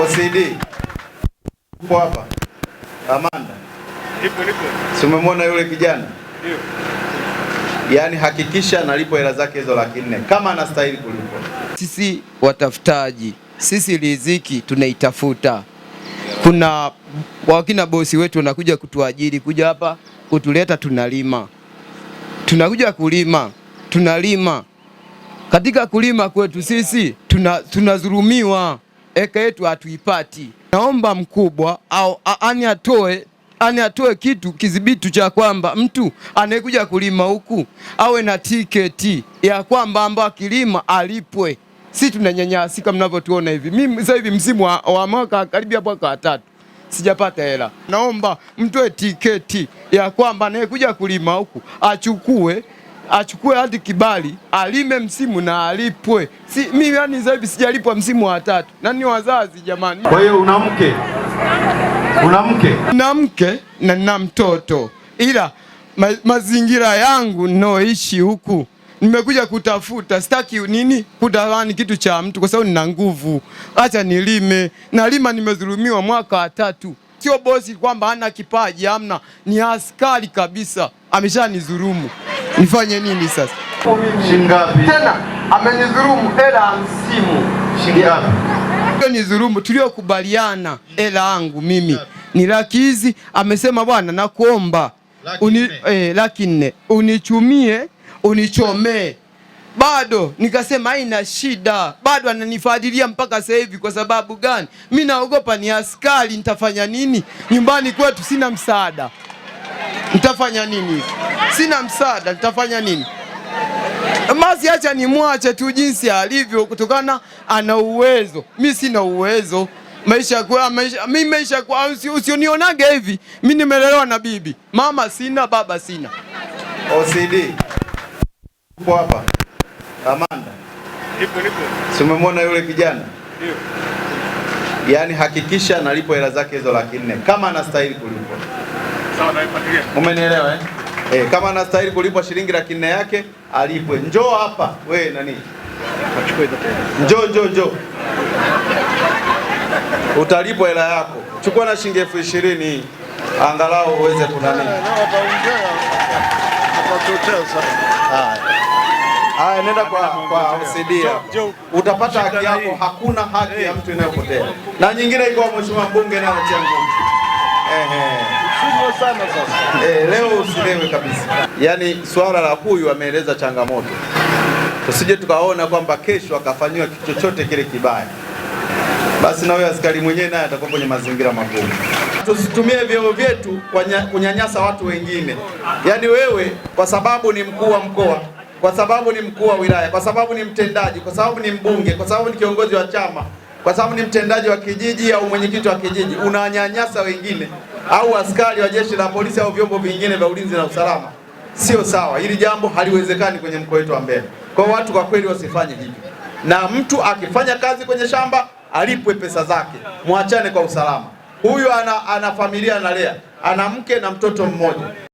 OCD uko hapa Amanda? Nipo, nipo. Si umemwona yule kijana? Ndio. Yaani hakikisha nalipo hela zake hizo laki nne kama anastahili kulipo. Sisi watafutaji, sisi riziki tunaitafuta. Kuna wakina bosi wetu wanakuja kutuajiri kuja hapa kutuleta, tunalima, tunakuja kulima, tunalima. Katika kulima kwetu sisi tunadhulumiwa, tuna eka yetu hatuipati. Naomba mkubwa au ani atoe ani atoe kitu kidhibitu cha kwamba mtu anayekuja kulima huku awe na tiketi ya kwamba ambao akilima alipwe. Si tunanyanyasika mnavyotuona hivi. Mimi sasa hivi msimu wa, wa mwaka karibia mwaka watatu tatu sijapata hela. Naomba mtoe tiketi ya kwamba anayekuja kulima huku achukue achukue hadi kibali alime msimu na alipwe. Si mimi yani sasa hivi sijalipwa msimu wa tatu, na ni wazazi jamani. Kwa hiyo una mke, una mke, na mke na na mtoto, ila ma, mazingira yangu ninaoishi huku nimekuja kutafuta, sitaki nini kutamani kitu cha mtu, kwa sababu nina nguvu. Acha nilime, nalima. Nimedhulumiwa mwaka wa tatu. Sio bosi kwamba hana kipaji, amna ni askari kabisa, ameshanidhulumu nifanye nini sasa? Shingapi tena amenidhulumu hela msimu Shingapi hiyo ni dhulumu Hela yangu mimi ni laki hizi, amesema bwana, nakuomba uni, eh, unichumie unichomee bado nikasema haina shida, bado ananifadilia mpaka sasa hivi. Kwa sababu gani? Mi naogopa ni askari, nitafanya nini? Nyumbani kwetu sina msaada. Nitafanya nini Sina msaada, nitafanya nini? Basi acha nimwache tu jinsi alivyo, kutokana ana uwezo, mi sina uwezo. Maisha kwa maisha, mi maisha kwa, usionionage hivi. Mi nimelelewa na bibi, mama sina, baba sina. OCD uko hapa Amanda? Nipo, nipo. Si umemwona yule kijana? Ndio. Yaani hakikisha analipo hela zake hizo laki nne kama anastahili kulipo Umenielewa eh? Eh, kama anastahili kulipwa shilingi laki nne yake alipwe. Njoo hapa we nani, njoo njoo njoo, utalipwa hela yako. Chukua na shilingi elfu ishirini angalau uweze kunani. Haya, nenda kwa kwa OCD hapo utapata haki yako. Hakuna haki ya mtu inayopotea, na nyingine iko kwa mheshimiwa mbunge nayo. Ehe sana sasa. E, leo usilewe kabisa. Yaani swala la huyu ameeleza changamoto, tusije tukaona kwamba kesho akafanyiwa kitu chochote kile kibaya, basi na huyo askari mwenyewe naye atakuwa kwenye mazingira magumu. Tusitumie vyeo vyetu kunyanyasa watu wengine, yaani wewe kwa sababu ni mkuu wa mkoa kwa sababu ni mkuu wa wilaya, kwa sababu ni mtendaji, kwa sababu ni mbunge, kwa sababu ni kiongozi wa chama, kwa sababu ni mtendaji wa kijiji au mwenyekiti wa kijiji, unanyanyasa wengine au askari wa jeshi la polisi au vyombo vingine vya ulinzi na usalama. Sio sawa, hili jambo haliwezekani kwenye mkoa wetu wa Mbeya. Kwa watu kwa kweli wasifanye hivyo, na mtu akifanya kazi kwenye shamba alipwe pesa zake, mwachane kwa usalama. Huyu ana, ana familia analea, ana mke na mtoto mmoja.